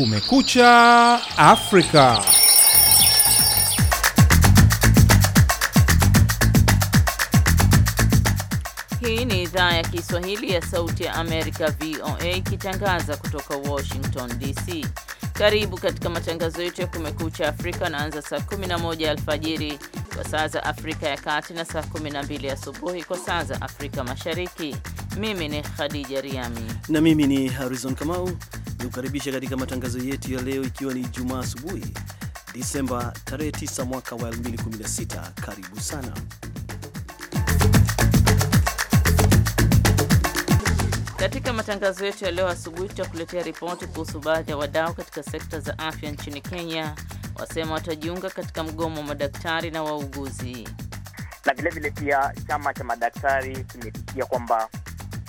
Kumekucha Afrika. Hii ni idhaa ya Kiswahili ya Sauti ya Amerika, VOA, ikitangaza kutoka Washington DC. Karibu katika matangazo yetu ya Kumekucha Afrika naanza saa 11 alfajiri kwa saa za Afrika ya Kati na saa 12 asubuhi kwa saa za Afrika Mashariki. Mimi ni Khadija Riami na mimi ni Harrison Kamau kukaribisha katika matangazo yetu ya leo, ikiwa ni Jumaa asubuhi Disemba tarehe 9 mwaka wa 2016. Karibu sana katika matangazo yetu ya leo asubuhi. Tutakuletea ripoti kuhusu baadhi ya wadau katika sekta za afya nchini Kenya wasema watajiunga katika mgomo wa madaktari na wauguzi na vilevile pia chama cha madaktari kimetikia kwamba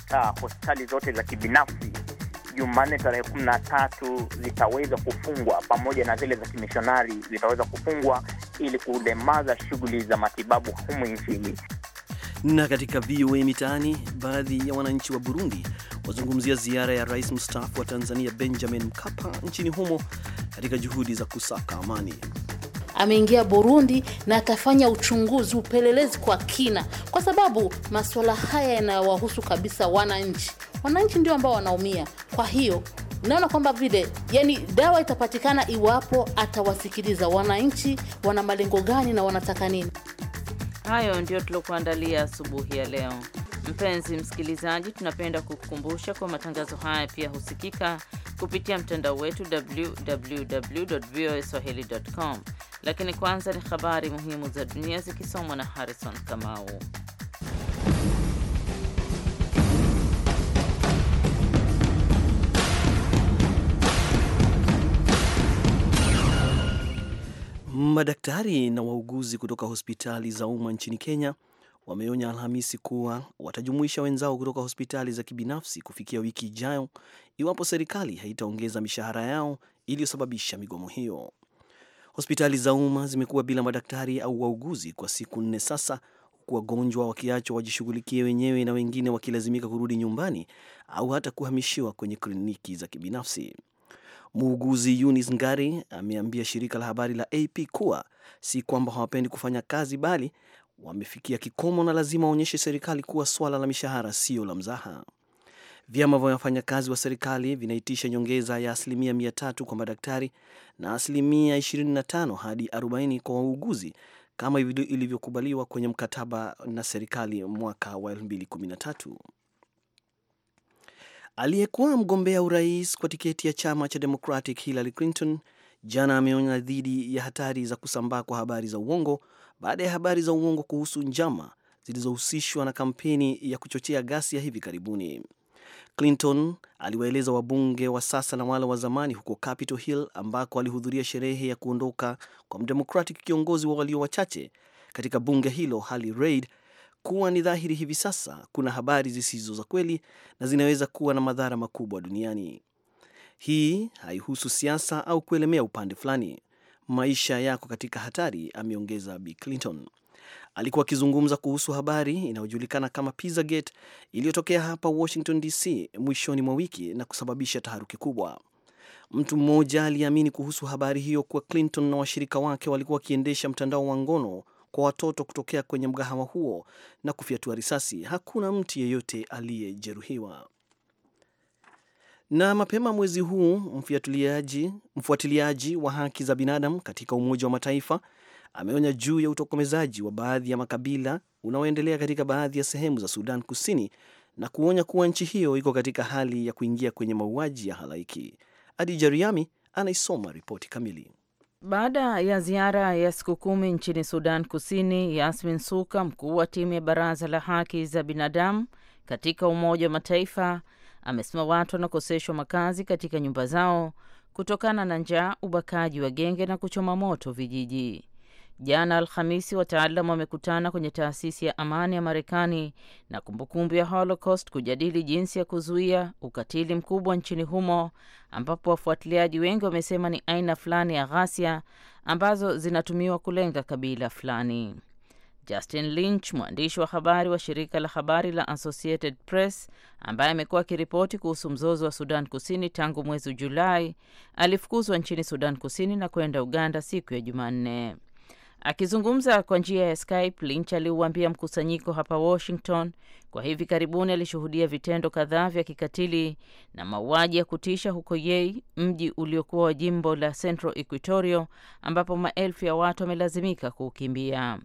ah, hospitali zote za kibinafsi Jumanne tarehe kumi na tatu zitaweza kufungwa pamoja na zile za kimishonari zitaweza kufungwa ili kulemaza shughuli za matibabu humu nchini. Na katika VOA Mitaani, baadhi ya wananchi wa Burundi wazungumzia ziara ya rais mstaafu wa Tanzania Benjamin Mkapa nchini humo katika juhudi za kusaka amani. Ameingia Burundi na atafanya uchunguzi, upelelezi kwa kina, kwa sababu masuala haya yanawahusu kabisa wananchi wananchi ndio ambao wanaumia. Kwa hiyo naona kwamba vile yani dawa itapatikana iwapo atawasikiliza wananchi, wana malengo gani na wanataka nini. Hayo ndio tuliokuandalia asubuhi ya leo. Mpenzi msikilizaji, tunapenda kukukumbusha kwa matangazo haya pia husikika kupitia mtandao wetu www.voaswahili.com. Lakini kwanza ni habari muhimu za dunia zikisomwa na Harrison Kamau. Madaktari na wauguzi kutoka hospitali za umma nchini Kenya wameonya Alhamisi kuwa watajumuisha wenzao kutoka hospitali za kibinafsi kufikia wiki ijayo iwapo serikali haitaongeza mishahara yao iliyosababisha migomo hiyo. Hospitali za umma zimekuwa bila madaktari au wauguzi kwa siku nne sasa, huku wagonjwa wakiachwa wajishughulikie wenyewe na wengine wakilazimika kurudi nyumbani au hata kuhamishiwa kwenye kliniki za kibinafsi. Muuguzi Eunice Ngari ameambia shirika la habari la AP kuwa si kwamba hawapendi kufanya kazi, bali wamefikia kikomo na lazima waonyeshe serikali kuwa swala la mishahara sio la mzaha. Vyama vya wafanyakazi wa serikali vinaitisha nyongeza ya asilimia 3 kwa madaktari na asilimia 25 hadi 40 kwa wauguzi kama ilivyokubaliwa kwenye mkataba na serikali mwaka wa 2013. Aliyekuwa mgombea urais kwa tiketi ya chama cha Democratic Hillary Clinton jana ameonya dhidi ya hatari za kusambaa kwa habari za uongo baada ya habari za uongo kuhusu njama zilizohusishwa na kampeni ya kuchochea ghasia hivi karibuni. Clinton aliwaeleza wabunge wa sasa na wale wa zamani huko Capitol Hill ambako alihudhuria sherehe ya kuondoka kwa mdemokratic kiongozi wa walio wachache katika bunge hilo Harry Reid kuwa ni dhahiri hivi sasa kuna habari zisizo za kweli na zinaweza kuwa na madhara makubwa duniani. Hii haihusu siasa au kuelemea upande fulani. Maisha yako katika hatari, ameongeza Bi Clinton. Alikuwa akizungumza kuhusu habari inayojulikana kama Pizzagate iliyotokea hapa Washington DC mwishoni mwa wiki na kusababisha taharuki kubwa. Mtu mmoja aliamini kuhusu habari hiyo kuwa Clinton na washirika wake walikuwa wakiendesha mtandao wa ngono kwa watoto kutokea kwenye mgahawa huo na kufyatua risasi. Hakuna mtu yeyote aliyejeruhiwa. Na mapema mwezi huu mfuatiliaji wa haki za binadamu katika Umoja wa Mataifa ameonya juu ya utokomezaji wa baadhi ya makabila unaoendelea katika baadhi ya sehemu za Sudan Kusini na kuonya kuwa nchi hiyo iko katika hali ya kuingia kwenye mauaji ya halaiki. Adi jariami anaisoma ripoti kamili. Baada ya ziara ya siku kumi nchini Sudan Kusini, Yasmin Suka, mkuu wa timu ya baraza la haki za binadamu katika Umoja wa Mataifa, amesema watu wanakoseshwa makazi katika nyumba zao kutokana na njaa, ubakaji wa genge na kuchoma moto vijiji. Jana Alhamisi, wataalam wamekutana kwenye taasisi ya amani ya Marekani na kumbukumbu ya Holocaust kujadili jinsi ya kuzuia ukatili mkubwa nchini humo, ambapo wafuatiliaji wengi wamesema ni aina fulani ya ghasia ambazo zinatumiwa kulenga kabila fulani. Justin Lynch, mwandishi wa habari wa shirika la habari la Associated Press ambaye amekuwa akiripoti kuhusu mzozo wa Sudan Kusini tangu mwezi Julai, alifukuzwa nchini Sudan Kusini na kwenda Uganda siku ya Jumanne. Akizungumza kwa njia ya Skype, Lynch aliuambia mkusanyiko hapa Washington kwa hivi karibuni alishuhudia vitendo kadhaa vya kikatili na mauaji ya kutisha huko Yei, mji uliokuwa wa jimbo la Central Equatoria, ambapo maelfu ya watu wamelazimika kuukimbia.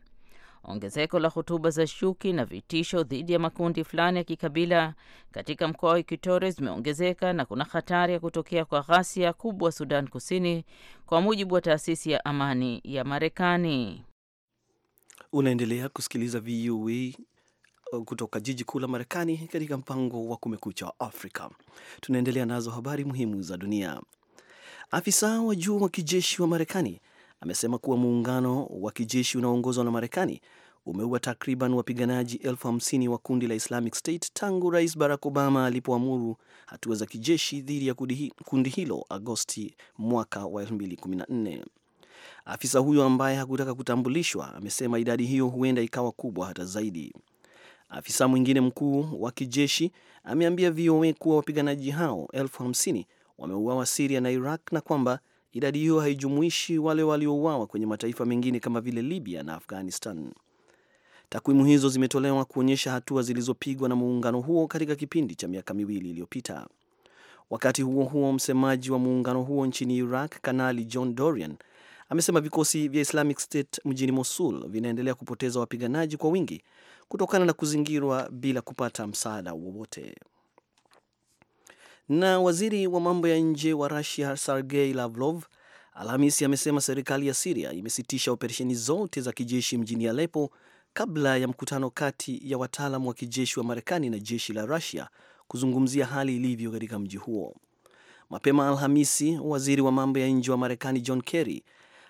Ongezeko la hotuba za shuki na vitisho dhidi ya makundi fulani ya kikabila katika mkoa wa Equatoria zimeongezeka na kuna hatari ya kutokea kwa ghasia kubwa Sudan Kusini, kwa mujibu wa taasisi ya amani ya Marekani. Unaendelea kusikiliza VOA uh, kutoka jiji kuu la Marekani katika mpango wa Kumekucha wa Afrika. Tunaendelea nazo habari muhimu za dunia. Afisa wa juu wa kijeshi wa Marekani amesema kuwa muungano wa kijeshi unaoongozwa na Marekani umeua takriban wapiganaji elfu hamsini wa kundi la Islamic State tangu Rais Barack Obama alipoamuru hatua za kijeshi dhidi ya kundi hilo Agosti mwaka wa 2014. Afisa huyo ambaye hakutaka kutambulishwa amesema idadi hiyo huenda ikawa kubwa hata zaidi. Afisa mwingine mkuu wa kijeshi ameambia VOA kuwa wapiganaji hao elfu hamsini wameuawa Siria na Iraq na kwamba Idadi hiyo haijumuishi wale waliouawa kwenye mataifa mengine kama vile Libya na Afghanistan. Takwimu hizo zimetolewa kuonyesha hatua zilizopigwa na muungano huo katika kipindi cha miaka miwili iliyopita. Wakati huo huo, msemaji wa muungano huo nchini Iraq, Kanali John Dorian amesema vikosi vya Islamic State mjini Mosul vinaendelea kupoteza wapiganaji kwa wingi kutokana na kuzingirwa bila kupata msaada wowote. Na waziri wa mambo ya nje wa Rusia Sergei Lavrov Alhamisi amesema serikali ya Siria imesitisha operesheni zote za kijeshi mjini Alepo kabla ya mkutano kati ya wataalam wa kijeshi wa Marekani na jeshi la Rusia kuzungumzia hali ilivyo katika mji huo. Mapema Alhamisi, waziri wa mambo ya nje wa Marekani John Kerry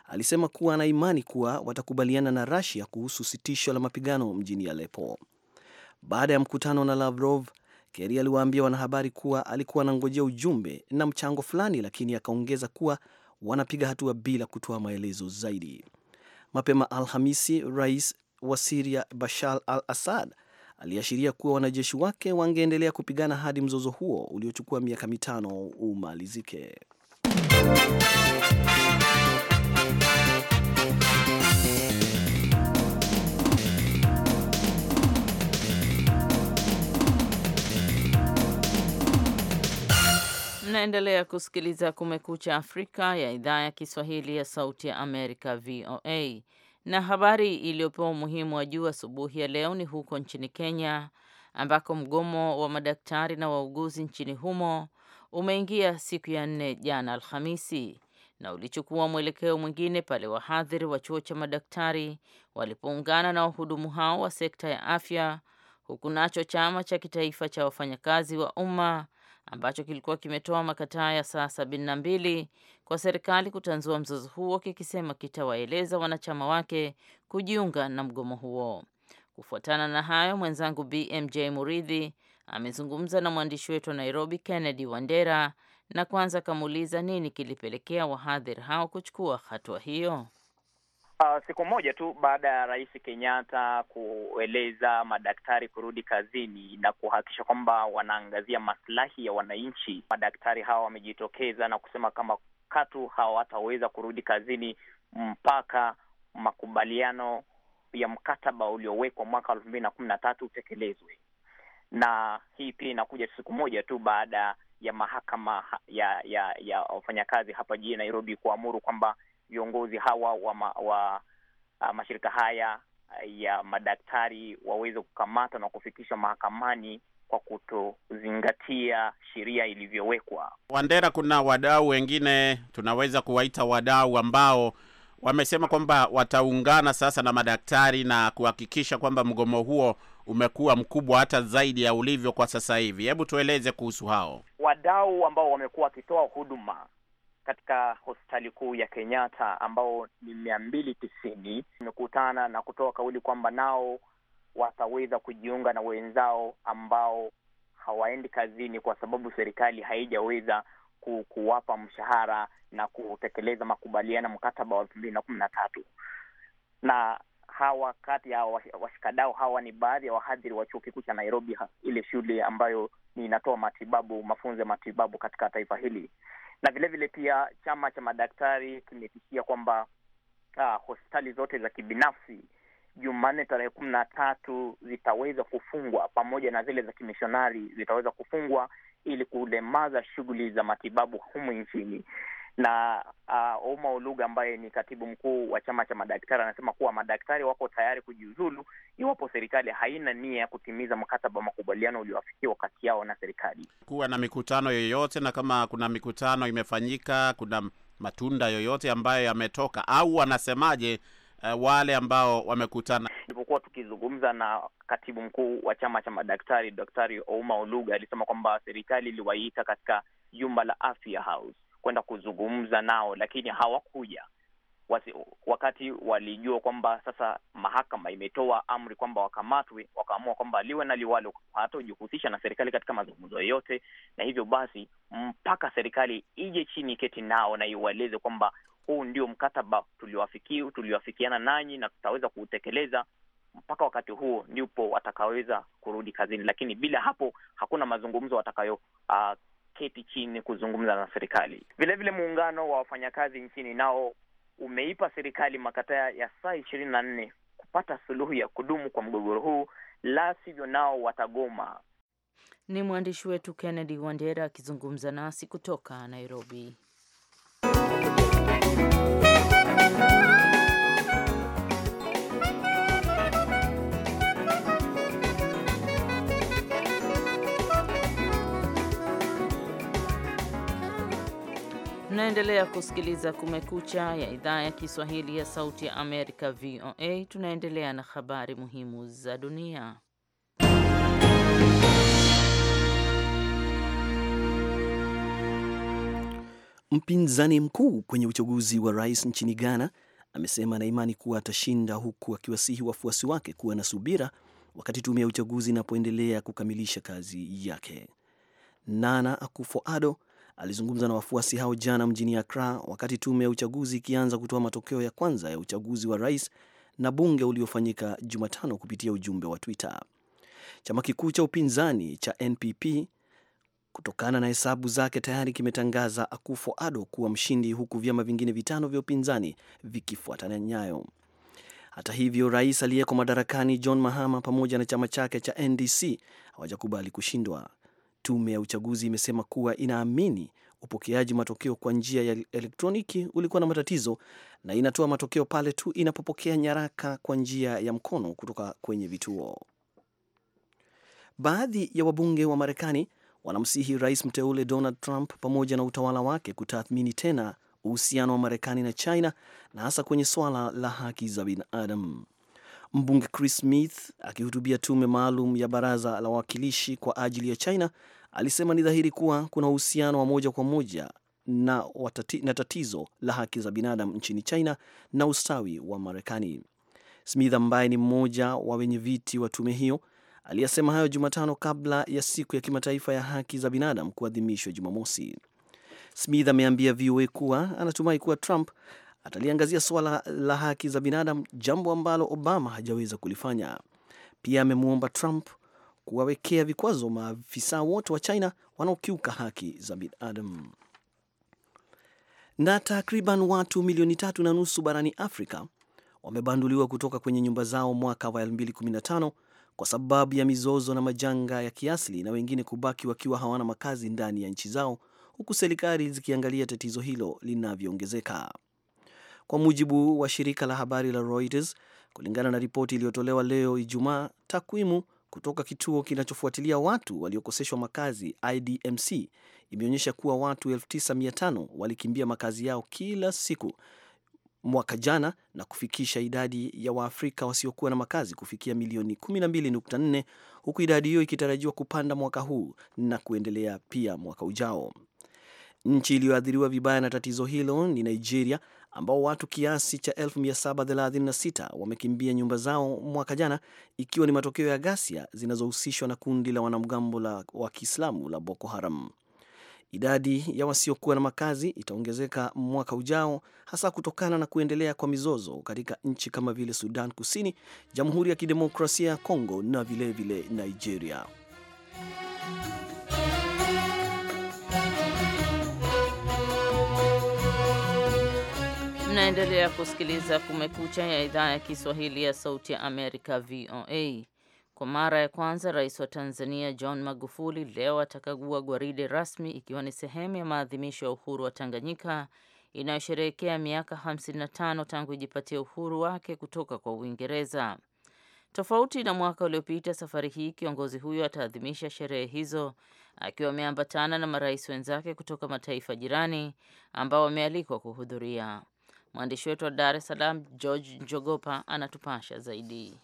alisema kuwa ana imani kuwa watakubaliana na Rusia kuhusu sitisho la mapigano mjini Alepo. Baada ya mkutano na Lavrov, Kerry aliwaambia wanahabari kuwa alikuwa anangojea ujumbe na mchango fulani, lakini akaongeza kuwa wanapiga hatua bila kutoa maelezo zaidi. Mapema Alhamisi, rais wa Siria Bashar al Assad aliashiria kuwa wanajeshi wake wangeendelea kupigana hadi mzozo huo uliochukua miaka mitano umalizike. Mnaendelea kusikiliza Kumekucha Afrika ya idhaa ya Kiswahili ya Sauti ya Amerika, VOA. Na habari iliyopewa umuhimu wa juu asubuhi ya leo ni huko nchini Kenya, ambako mgomo wa madaktari na wauguzi nchini humo umeingia siku ya nne jana Alhamisi, na ulichukua mwelekeo mwingine pale wahadhiri wa chuo cha madaktari walipoungana na wahudumu hao wa sekta ya afya, huku nacho chama cha kitaifa cha wafanyakazi wa umma ambacho kilikuwa kimetoa makataa ya saa sabini na mbili kwa serikali kutanzua mzozo huo kikisema kitawaeleza wanachama wake kujiunga na mgomo huo. Kufuatana na hayo, mwenzangu BMJ Muridhi amezungumza na mwandishi wetu wa Nairobi Kennedy Wandera na kwanza akamuuliza nini kilipelekea wahadhiri hao kuchukua hatua hiyo. Uh, siku moja tu baada ya Rais Kenyatta kueleza madaktari kurudi kazini na kuhakikisha kwamba wanaangazia maslahi ya wananchi, madaktari hawa wamejitokeza na kusema kama katu hawataweza kurudi kazini mpaka makubaliano ya mkataba uliowekwa mwaka elfu mbili na kumi na tatu utekelezwe. Na hii pia inakuja siku moja tu baada ya mahakama ya ya wafanyakazi hapa jijini Nairobi kuamuru kwamba viongozi hawa wa, ma, wa a, uh, mashirika haya uh, ya madaktari waweze kukamatwa na kufikishwa mahakamani kwa kutozingatia sheria ilivyowekwa. Wandera, kuna wadau wengine tunaweza kuwaita wadau ambao wamesema kwamba wataungana sasa na madaktari na kuhakikisha kwamba mgomo huo umekuwa mkubwa hata zaidi ya ulivyo kwa sasa hivi. Hebu tueleze kuhusu hao wadau ambao wamekuwa wakitoa huduma katika hospitali kuu ya Kenyatta ambao ni mia mbili tisini imekutana na kutoa kauli kwamba nao wataweza kujiunga na wenzao ambao hawaendi kazini kwa sababu serikali haijaweza kuwapa mshahara na kutekeleza makubaliano mkataba wa elfu mbili na kumi na tatu. Na hawa kati ya washikadao hawa ni baadhi ya wahadhiri wa chuo kikuu cha Nairobi, ile shule ambayo inatoa matibabu, mafunzo ya matibabu katika taifa hili na vilevile vile pia chama cha madaktari kimetishia kwamba uh, hospitali zote za kibinafsi Jumanne tarehe kumi na tatu zitaweza kufungwa pamoja na zile za kimishonari zitaweza kufungwa ili kulemaza shughuli za matibabu humu nchini na uh, ah, Ouma Oluga ambaye ni katibu mkuu wa chama cha madaktari anasema kuwa madaktari wako tayari kujiuzulu iwapo serikali haina nia ya kutimiza mkataba wa makubaliano ulioafikiwa kati yao na serikali. Kuwa na mikutano yoyote, na kama kuna mikutano imefanyika, kuna matunda yoyote ambayo yametoka au wanasemaje? Uh, wale ambao wamekutana. Ilipokuwa tukizungumza na katibu mkuu wa chama cha madaktari Daktari Ouma Oluga alisema kwamba serikali iliwaita katika jumba la Afya House kwenda kuzungumza nao, lakini hawakuja wasi, wakati walijua kwamba sasa mahakama imetoa amri kwamba wakamatwe, wakaamua kwamba liwe na liwalo hatojihusisha na serikali katika mazungumzo yoyote, na hivyo basi mpaka serikali ije chini keti nao na iwaeleze kwamba huu ndio mkataba tulioafikiana nanyi na tutaweza kuutekeleza mpaka wakati huo ndipo watakaweza kurudi kazini, lakini bila hapo hakuna mazungumzo watakayo uh, kuketi chini kuzungumza na serikali. Vilevile muungano wa wafanyakazi nchini nao umeipa serikali makataa ya saa ishirini na nne kupata suluhu ya kudumu kwa mgogoro huu, la sivyo nao watagoma. Ni mwandishi wetu Kennedy Wandera akizungumza nasi kutoka Nairobi. Mnaendelea kusikiliza Kumekucha ya idhaa ya Kiswahili ya Sauti ya Amerika, VOA. Tunaendelea na habari muhimu za dunia. Mpinzani mkuu kwenye uchaguzi wa rais nchini Ghana amesema anaimani kuwa atashinda, huku akiwasihi wafuasi wake kuwa na subira wakati tume ya uchaguzi inapoendelea kukamilisha kazi yake. Nana Akufo-Addo Alizungumza na wafuasi hao jana mjini Akra wakati tume ya uchaguzi ikianza kutoa matokeo ya kwanza ya uchaguzi wa rais na bunge uliofanyika Jumatano kupitia ujumbe wa Twitter. Chama kikuu cha upinzani cha NPP kutokana na hesabu zake tayari kimetangaza akufo Ado kuwa mshindi huku vyama vingine vitano vya upinzani vikifuatana nyayo. Hata hivyo, rais aliyeko madarakani John Mahama pamoja na chama chake cha NDC hawajakubali kushindwa. Tume ya uchaguzi imesema kuwa inaamini upokeaji matokeo kwa njia ya elektroniki ulikuwa na matatizo na inatoa matokeo pale tu inapopokea nyaraka kwa njia ya mkono kutoka kwenye vituo. Baadhi ya wabunge wa Marekani wanamsihi rais mteule Donald Trump pamoja na utawala wake kutathmini tena uhusiano wa Marekani na China na hasa kwenye swala la haki za binadamu. Mbunge Chris Smith akihutubia tume maalum ya baraza la wawakilishi kwa ajili ya China alisema ni dhahiri kuwa kuna uhusiano wa moja kwa moja na, watati, na tatizo la haki za binadamu nchini China na ustawi wa Marekani. Smith ambaye ni mmoja wa wenye viti wa tume hiyo aliyasema hayo Jumatano kabla ya siku ya kimataifa ya haki za binadamu kuadhimishwa Jumamosi. Smith ameambia VOA kuwa anatumai kuwa Trump ataliangazia suala la haki za binadamu, jambo ambalo Obama hajaweza kulifanya. Pia amemwomba Trump kuwawekea vikwazo maafisa wote wa China wanaokiuka haki za binadamu. Na takriban watu milioni tatu na nusu barani Afrika wamebanduliwa kutoka kwenye nyumba zao mwaka wa 2015 kwa sababu ya mizozo na majanga ya kiasili na wengine kubaki wakiwa hawana makazi ndani ya nchi zao huku serikali zikiangalia tatizo hilo linavyoongezeka kwa mujibu wa shirika la habari la Reuters. Kulingana na ripoti iliyotolewa leo Ijumaa, takwimu kutoka kituo kinachofuatilia watu waliokoseshwa makazi IDMC imeonyesha kuwa watu 95 walikimbia makazi yao kila siku mwaka jana na kufikisha idadi ya Waafrika wasiokuwa na makazi kufikia milioni 12.4 huku idadi hiyo ikitarajiwa kupanda mwaka huu na kuendelea pia mwaka ujao. Nchi iliyoathiriwa vibaya na tatizo hilo ni Nigeria ambao watu kiasi cha 736 wamekimbia nyumba zao mwaka jana, ikiwa ni matokeo ya ghasia zinazohusishwa na kundi la wanamgambo wa Kiislamu la Boko Haram. Idadi ya wasiokuwa na makazi itaongezeka mwaka ujao, hasa kutokana na kuendelea kwa mizozo katika nchi kama vile Sudan Kusini, Jamhuri ya Kidemokrasia ya Kongo na vilevile vile Nigeria. Mnaendelea kusikiliza Kumekucha ya idhaa ya Kiswahili ya Sauti ya Amerika, VOA. Kwa mara ya kwanza, rais wa Tanzania John Magufuli leo atakagua gwaride rasmi, ikiwa ni sehemu ya maadhimisho ya uhuru wa Tanganyika inayosherehekea miaka 55 tangu ijipatia uhuru wake kutoka kwa Uingereza. Tofauti na mwaka uliopita, safari hii kiongozi huyo ataadhimisha sherehe hizo akiwa ameambatana na marais wenzake kutoka mataifa jirani ambao wamealikwa kuhudhuria. Mwandishi wetu wa Dar es Salaam George Njogopa anatupasha zaidi.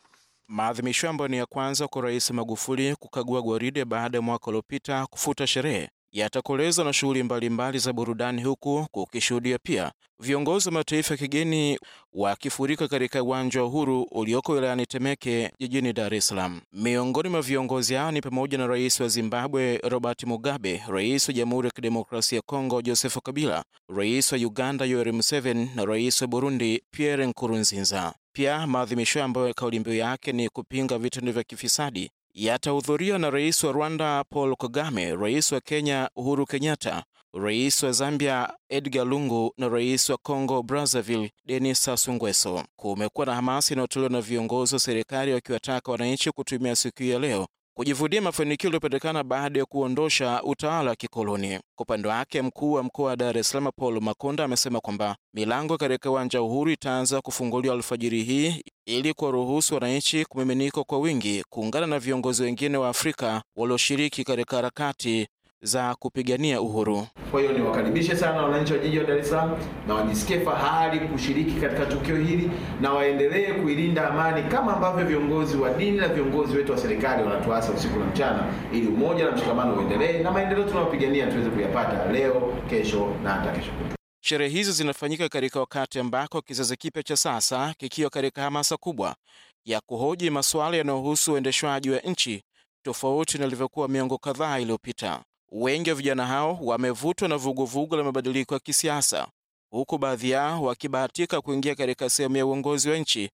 Maadhimisho ambayo ni ya kwanza kwa Rais Magufuli kukagua gwaride baada ya mwaka uliopita kufuta sherehe yatakolezwa na shughuli mbalimbali za burudani, huku kukishuhudia pia viongozi wa mataifa ya kigeni wakifurika katika uwanja wa Uhuru ulioko wilayani Temeke jijini Dar es Salaam. Miongoni mwa viongozi hao ni pamoja na rais wa Zimbabwe Robert Mugabe, rais wa Jamhuri ya Kidemokrasia ya Kongo Joseph Kabila, rais wa Uganda Yoweri Museveni na rais wa Burundi Pierre Nkurunziza. Pia maadhimisho ambayo kauli mbiu yake ni kupinga vitendo vya kifisadi yatahudhuriwa na rais wa Rwanda Paul Kagame, rais wa Kenya Uhuru Kenyatta, rais wa Zambia Edgar Lungu na rais wa Congo Brazzaville Denis Sassou Nguesso. Kumekuwa na hamasi inayotolewa na viongozi wa serikali wakiwataka wananchi kutumia siku ya leo kujivunia mafanikio yaliyopatikana baada ya kuondosha utawala wa kikoloni. Kwa upande wake, mkuu wa mkoa wa Dar es Salaam Paul Makonda amesema kwamba milango katika uwanja Uhuru itaanza kufunguliwa alfajiri hii ili kuwaruhusu wananchi kumiminika kwa wingi kuungana na viongozi wengine wa Afrika walioshiriki katika harakati za kupigania uhuru. Kwa hiyo niwakaribishe sana wananchi wa jiji la Dar es Salaam na wajisikie fahari kushiriki katika tukio hili na waendelee kuilinda amani kama ambavyo viongozi wa dini na viongozi wetu wa serikali wanatuasa usiku na mchana, ili umoja na mshikamano uendelee na maendeleo tunayopigania tuweze kuyapata leo, kesho na hata kesho. Sherehe hizi zinafanyika katika wakati ambako kizazi kipya cha sasa kikiwa katika hamasa kubwa ya kuhoji masuala yanayohusu uendeshwaji wa nchi tofauti na ilivyokuwa miongo kadhaa iliyopita. Wengi wa vijana hao wamevutwa na vuguvugu la mabadiliko ya kisiasa, huku baadhi yao wakibahatika kuingia katika sehemu ya uongozi wa nchi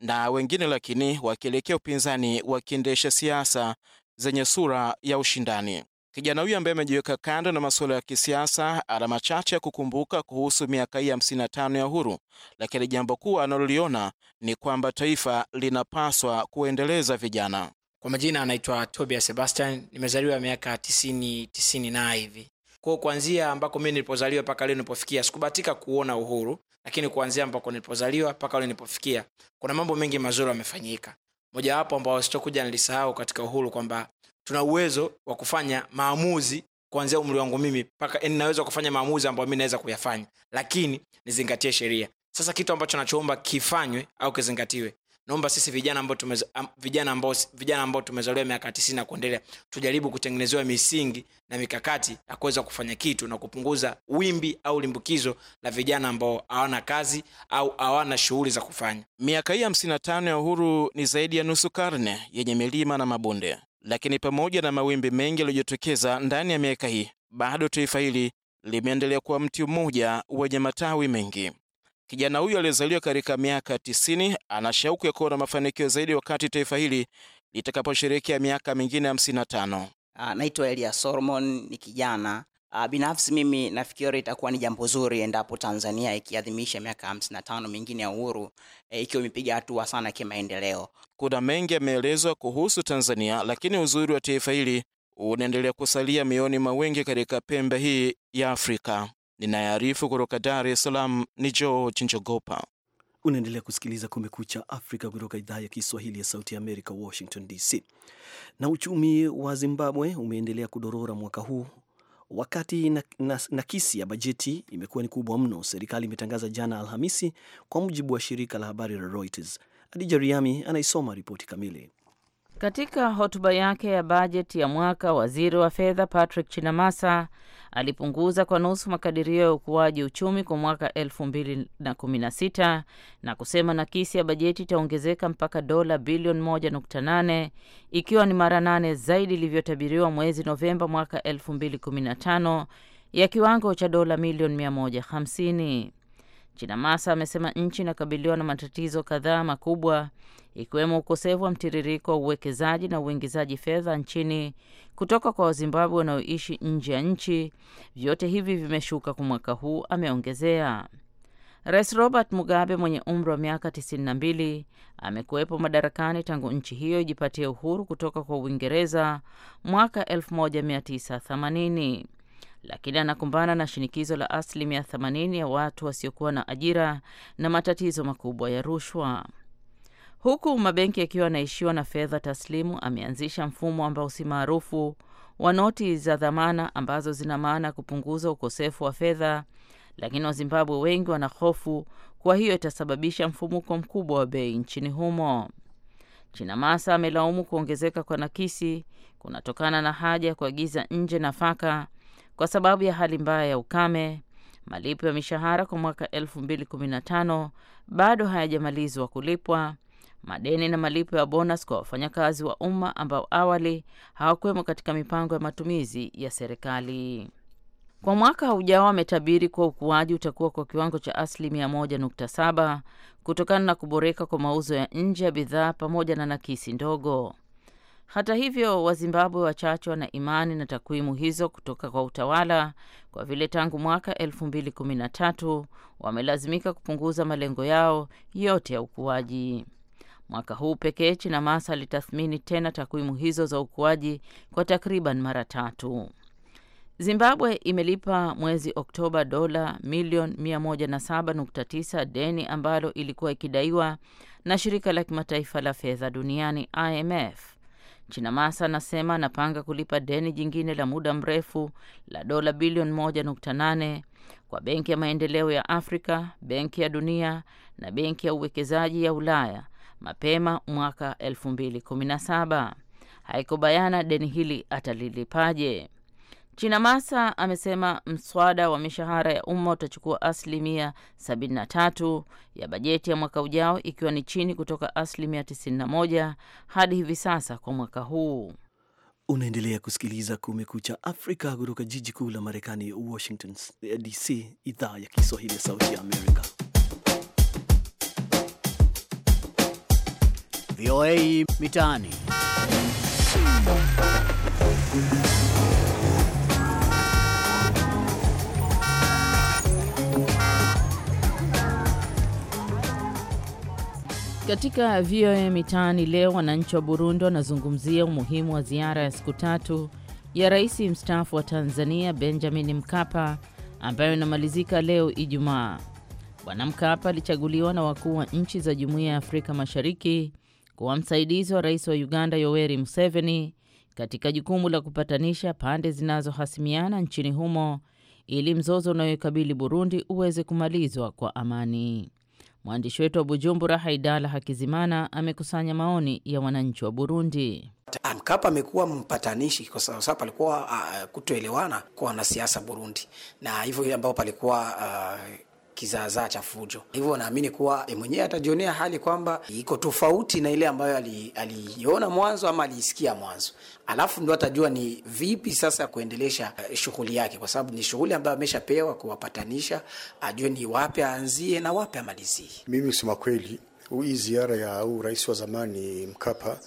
na wengine lakini wakielekea upinzani, wakiendesha siasa zenye sura ya ushindani. Kijana huyu ambaye amejiweka kando na masuala ya kisiasa ana machache ya kukumbuka kuhusu miaka hii 55 ya uhuru, lakini jambo kuu analoliona ni kwamba taifa linapaswa kuendeleza vijana kwa majina anaitwa Tobia Sebastian, nimezaliwa miaka tisini tisini na hivi kwao, kuanzia ambako mi nilipozaliwa mpaka leo nilipofikia. Sikubahatika kuona uhuru, lakini kuanzia ambako nilipozaliwa mpaka leo nilipofikia, kuna mambo mengi mazuri yamefanyika. Mojawapo ambao sitokuja nilisahau katika uhuru kwamba tuna uwezo wa kufanya maamuzi kuanzia umri wangu mimi mpaka yaani naweza kufanya maamuzi ambayo mi naweza kuyafanya, lakini nizingatie sheria. Sasa kitu ambacho nachoomba kifanywe au kizingatiwe naomba sisi vijana ambao tumezo, vijana ambao vijana ambao tumezaliwa miaka tisini na kuendelea tujaribu kutengenezewa misingi na mikakati ya kuweza kufanya kitu na kupunguza wimbi au limbukizo la vijana ambao hawana kazi au hawana shughuli za kufanya. Miaka hii hamsini tano ya uhuru ni zaidi ya nusu karne yenye milima na mabonde, lakini pamoja na mawimbi mengi yaliyojitokeza ndani ya miaka hii, bado taifa hili limeendelea kuwa mti mmoja wenye matawi mengi. Kijana huyu aliyezaliwa katika miaka tisini ana shauku ya kuona mafanikio zaidi wakati taifa hili litakaposherehekea miaka mingine hamsini na tano. Ah, naitwa Elia Solomon, ni kijana ah, binafsi. Mimi nafikiri itakuwa ni jambo zuri endapo Tanzania ikiadhimisha miaka hamsini na tano mingine ya uhuru, e, ikiwa imepiga hatua sana kimaendeleo. Kuna mengi yameelezwa kuhusu Tanzania, lakini uzuri wa taifa hili unaendelea kusalia mioni mawengi katika pembe hii ya Afrika. Ninayearifu kutoka Dar es Salaam ni George Njogopa. Unaendelea kusikiliza Kumekucha Afrika kutoka idhaa ya Kiswahili ya Sauti ya Amerika, Washington DC. Na uchumi wa Zimbabwe umeendelea kudorora mwaka huu wakati na, na, na ya bajeti imekuwa ni kubwa mno, serikali imetangaza jana Alhamisi, kwa mujibu wa shirika la habari la Reuters. Adija Riami anaisoma ripoti kamili. Katika hotuba yake ya bajeti ya mwaka, waziri wa fedha Patrick Chinamasa alipunguza kwa nusu makadirio ya ukuaji uchumi kwa mwaka 2016 na, na kusema nakisi ya bajeti itaongezeka mpaka dola bilioni 1.8 ikiwa ni mara nane zaidi ilivyotabiriwa mwezi Novemba mwaka 2015 ya kiwango cha dola milioni 150. Chinamasa amesema nchi inakabiliwa na matatizo kadhaa makubwa ikiwemo ukosefu wa mtiririko wa uwekezaji na uingizaji fedha nchini kutoka kwa Wazimbabwe wanaoishi nje ya nchi. Vyote hivi vimeshuka kwa mwaka huu, ameongezea. Rais Robert Mugabe mwenye umri wa miaka 92 amekuwepo madarakani tangu nchi hiyo ijipatie uhuru kutoka kwa Uingereza mwaka 1980 lakini anakumbana na shinikizo la asilimia 80 ya watu wasiokuwa na ajira na matatizo makubwa ya rushwa. Huku mabenki yakiwa yanaishiwa na fedha taslimu, ameanzisha mfumo ambao si maarufu wa noti za dhamana ambazo zina maana ya kupunguza ukosefu wa fedha, lakini Wazimbabwe wengi wana hofu kwa hiyo itasababisha mfumuko mkubwa wa bei nchini humo. Chinamasa amelaumu kuongezeka kwa nakisi kunatokana na haja ya kuagiza nje nafaka kwa sababu ya hali mbaya ya ukame. Malipo ya mishahara kwa mwaka 2015 bado hayajamalizwa kulipwa madeni na malipo ya bonus kwa wafanyakazi wa umma ambao awali hawakuwemo katika mipango ya matumizi ya serikali. Kwa mwaka ujao ametabiri kuwa ukuaji utakuwa kwa kiwango cha asilimia 17 kutokana na kuboreka kwa mauzo ya nje ya bidhaa pamoja na nakisi ndogo. Hata hivyo, Wazimbabwe wachache wana imani na takwimu hizo kutoka kwa utawala, kwa vile tangu mwaka 2013 wamelazimika kupunguza malengo yao yote ya ukuaji. Mwaka huu pekee Chinamasa alitathmini tena takwimu hizo za ukuaji kwa takriban mara tatu. Zimbabwe imelipa mwezi Oktoba dola milioni 107.9 deni ambalo ilikuwa ikidaiwa na shirika la kimataifa la fedha duniani IMF. Chinamasa anasema anapanga kulipa deni jingine la muda mrefu la dola bilioni 1.8 kwa Benki ya Maendeleo ya Afrika, Benki ya Dunia na Benki ya Uwekezaji ya Ulaya mapema mwaka 2017. Haiko bayana deni hili atalilipaje. Chinamasa amesema mswada wa mishahara ya umma utachukua asilimia 73 ya bajeti ya mwaka ujao, ikiwa ni chini kutoka asilimia 91 hadi hivi sasa kwa mwaka huu. Unaendelea kusikiliza Kumekucha Afrika kutoka jiji kuu la Marekani, Washington DC, idhaa ya Kiswahili ya Sauti ya Amerika. VOA Mitaani. Katika VOA Mitaani leo, wananchi wa Burundi wanazungumzia umuhimu wa ziara ya siku tatu ya rais mstaafu wa Tanzania Benjamin Mkapa ambayo inamalizika leo Ijumaa. Bwana Mkapa alichaguliwa na wakuu wa nchi za Jumuiya ya Afrika Mashariki kuwa msaidizi wa rais wa Uganda Yoweri Museveni katika jukumu la kupatanisha pande zinazohasimiana nchini humo ili mzozo unayoikabili Burundi uweze kumalizwa kwa amani. Mwandishi wetu wa Bujumbura, Haidala Hakizimana, amekusanya maoni ya wananchi wa Burundi. Mkapa amekuwa mpatanishi kwa sababu palikuwa uh, kutoelewana kwa wanasiasa Burundi, na hivyo ambao palikuwa uh, kizaazaa cha fujo. Hivyo naamini kuwa mwenyewe atajionea hali kwamba iko tofauti na ile ambayo aliiona ali mwanzo ama aliisikia mwanzo, alafu ndo atajua ni vipi sasa kuendelesha eh, shughuli yake, kwa sababu ni shughuli ambayo ameshapewa kuwapatanisha, ajue ni wapi aanzie na wapi amalizie. Mimi kusema kweli, hii ziara ya huu rais wa zamani Mkapa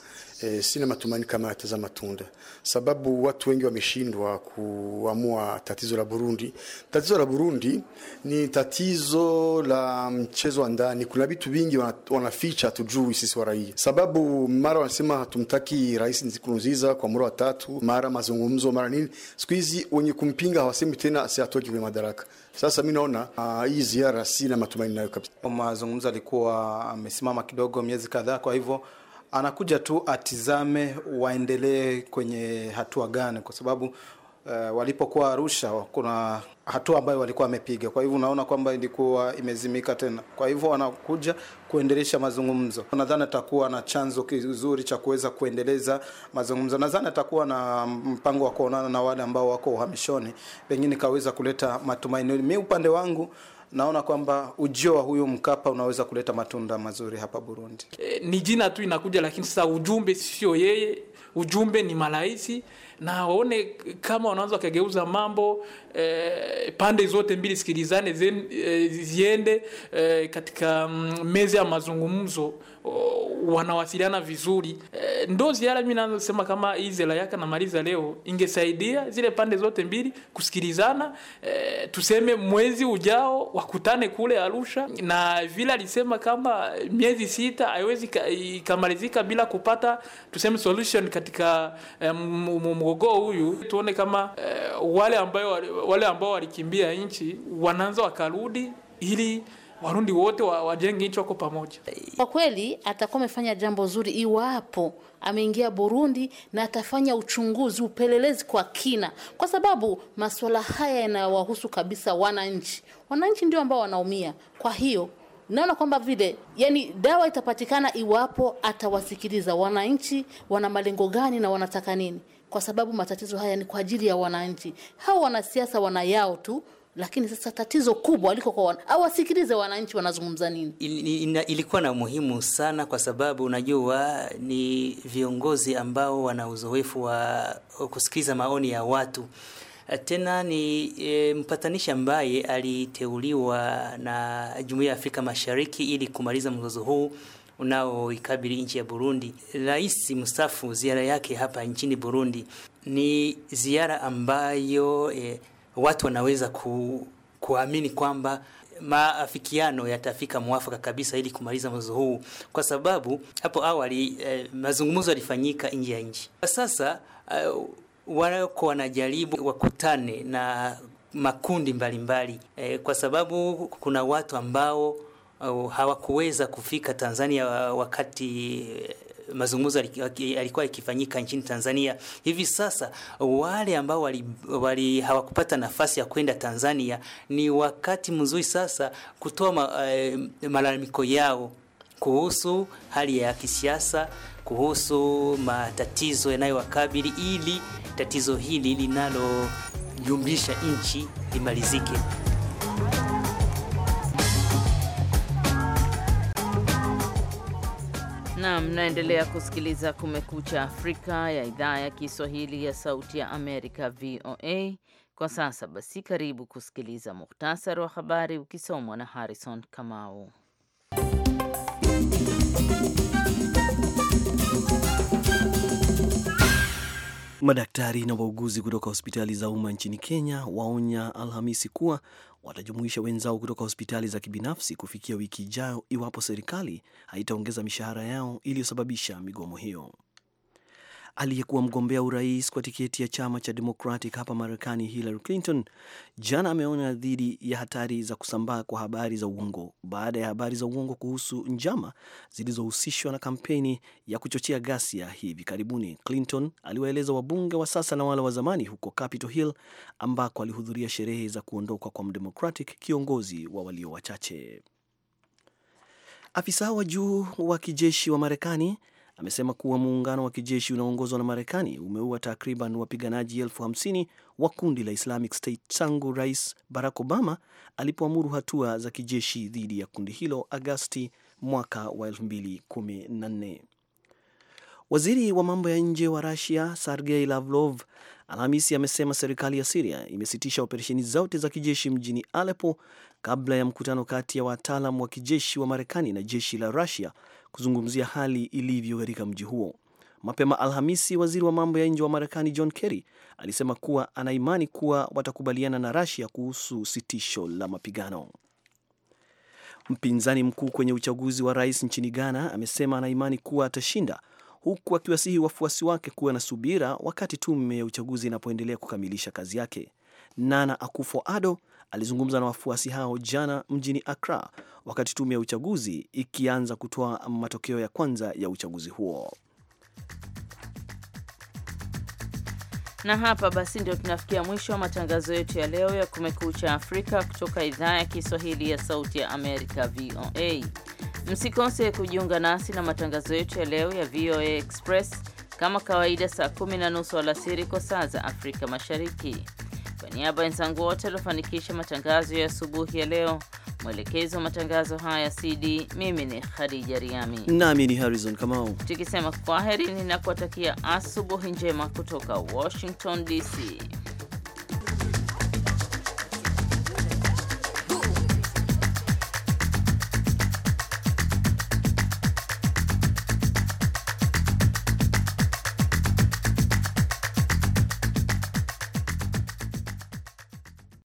e, sina matumaini kama yataza matunda, sababu watu wengi wameshindwa kuamua tatizo la Burundi. Tatizo la Burundi ni tatizo la mchezo wa ndani, kuna vitu vingi wanaficha, hatujui sisi wa raia, sababu mara wanasema hatumtaki Rais Nkurunziza kwa mura watatu, mara mazungumzo, mara nini. Siku hizi wenye kumpinga hawasemi tena, si atoki kwenye madaraka. Sasa mi naona ah, hii ziara sina matumaini nayo kabisa. Mazungumzo alikuwa amesimama kidogo miezi kadhaa, kwa hivyo anakuja tu atizame waendelee kwenye hatua gani, kwa sababu uh, walipokuwa Arusha kuna hatua ambayo walikuwa wamepiga. Kwa hivyo unaona kwamba ilikuwa imezimika tena, kwa hivyo wanakuja kuendelesha mazungumzo. Nadhani atakuwa na chanzo kizuri cha kuweza kuendeleza mazungumzo. Nadhani atakuwa na mpango wa kuonana na wale ambao wako uhamishoni, pengine kaweza kuleta matumaini. Mi upande wangu naona kwamba ujio wa huyu Mkapa unaweza kuleta matunda mazuri hapa Burundi. E, ni jina tu inakuja, lakini sasa ujumbe sio yeye. Ujumbe ni marahisi na waone kama wanaanza wakageuza mambo e, pande zote mbili sikilizane eh, ziende e, katika mm, meza ya mazungumzo. Uh, wanawasiliana vizuri e, ndo ziara mimi naanza kusema kama hii ziara yake namaliza leo ingesaidia zile pande zote mbili kusikilizana e, tuseme mwezi ujao wakutane kule Arusha, na vile alisema kama miezi sita haiwezi ikamalizika bila kupata tuseme solution katika e, mgogoro huyu, tuone kama e, wale ambao wale ambao walikimbia nchi wanaanza wakarudi ili Warundi wote wajenge wa nchi, wako pamoja. Kwa kweli atakuwa amefanya jambo zuri iwapo ameingia Burundi na atafanya uchunguzi, upelelezi kwa kina, kwa sababu masuala haya yanawahusu kabisa wananchi. Wananchi ndio ambao wanaumia. Kwa hiyo naona kwamba vile yani dawa itapatikana iwapo atawasikiliza wananchi, wana malengo gani na wanataka nini, kwa sababu matatizo haya ni kwa ajili ya wananchi. Hao wanasiasa wana yao tu lakini sasa tatizo kubwa liko kwa wana, wasikilize wananchi wanazungumza nini. Il, il, ilikuwa na muhimu sana kwa sababu unajua ni viongozi ambao wana uzoefu wa kusikiliza maoni ya watu tena ni e, mpatanishi ambaye aliteuliwa na Jumuiya ya Afrika Mashariki ili kumaliza mzozo huu unaoikabili nchi ya Burundi. Rais mstaafu ziara yake hapa nchini Burundi ni ziara ambayo e, watu wanaweza ku, kuamini kwamba maafikiano yatafika mwafaka kabisa ili kumaliza mzozo huu, kwa sababu hapo awali eh, mazungumzo yalifanyika nje ya nchi. Sasa eh, wako wanajaribu wakutane na makundi mbalimbali mbali. Eh, kwa sababu kuna watu ambao eh, hawakuweza kufika Tanzania wakati mazungumzo alikuwa ikifanyika nchini Tanzania. Hivi sasa wale ambao wali, wali hawakupata nafasi ya kwenda Tanzania, ni wakati mzuri sasa kutoa ma, eh, malalamiko yao kuhusu hali ya kisiasa, kuhusu matatizo yanayowakabili ili tatizo hili linaloyumbisha nchi limalizike. na mnaendelea kusikiliza Kumekucha Afrika ya idhaa ya Kiswahili ya Sauti ya Amerika, VOA. Kwa sasa basi, karibu kusikiliza muhtasari wa habari ukisomwa na Harrison Kamau. Madaktari na wauguzi kutoka hospitali za umma nchini Kenya waonya Alhamisi kuwa watajumuisha wenzao kutoka hospitali za kibinafsi kufikia wiki ijayo iwapo serikali haitaongeza mishahara yao iliyosababisha migomo hiyo aliyekuwa mgombea urais kwa tiketi ya chama cha Democratic hapa Marekani, Hillary Clinton, jana ameonya dhidi ya hatari za kusambaa kwa habari za uongo baada ya habari za uongo kuhusu njama zilizohusishwa na kampeni ya kuchochea ghasia hivi karibuni. Clinton aliwaeleza wabunge wa sasa na wale wa zamani huko Capitol Hill ambako alihudhuria sherehe za kuondoka kwa mdemokratic kiongozi wa walio wachache. Afisa wa juu wa kijeshi wa Marekani amesema kuwa muungano wa kijeshi unaoongozwa na Marekani umeua takriban wapiganaji elfu hamsini wa kundi la Islamic State tangu Rais Barack Obama alipoamuru hatua za kijeshi dhidi ya kundi hilo Agasti mwaka wa 2014. Waziri wa mambo ya nje wa Rusia Sergei Lavrov Alhamisi amesema serikali ya Siria imesitisha operesheni zote za kijeshi mjini Alepo kabla ya mkutano kati ya wataalam wa kijeshi wa Marekani na jeshi la Rusia kuzungumzia hali ilivyo katika mji huo. Mapema Alhamisi, waziri wa mambo ya nje wa Marekani John Kerry alisema kuwa ana imani kuwa watakubaliana na Russia kuhusu sitisho la mapigano. Mpinzani mkuu kwenye uchaguzi wa rais nchini Ghana amesema ana imani kuwa atashinda, huku akiwasihi wafuasi wake kuwa na subira wakati tume ya uchaguzi inapoendelea kukamilisha kazi yake. Nana Akufo-Addo alizungumza na wafuasi hao jana mjini Accra wakati tume ya uchaguzi ikianza kutoa matokeo ya kwanza ya uchaguzi huo. Na hapa basi ndio tunafikia mwisho wa matangazo yetu ya leo ya Kumekucha Afrika kutoka idhaa ya Kiswahili ya Sauti ya Amerika, VOA. Msikose kujiunga nasi na matangazo yetu ya leo ya VOA Express kama kawaida, saa kumi na nusu alasiri kwa saa za Afrika Mashariki niaba ya wenzangu wote waliofanikisha matangazo ya asubuhi ya leo, mwelekezi wa matangazo haya CD, mimi ni Khadija Riami nami ni Harrison Kamau, tukisema kwaheri, ninakuwatakia asubuhi njema kutoka Washington DC.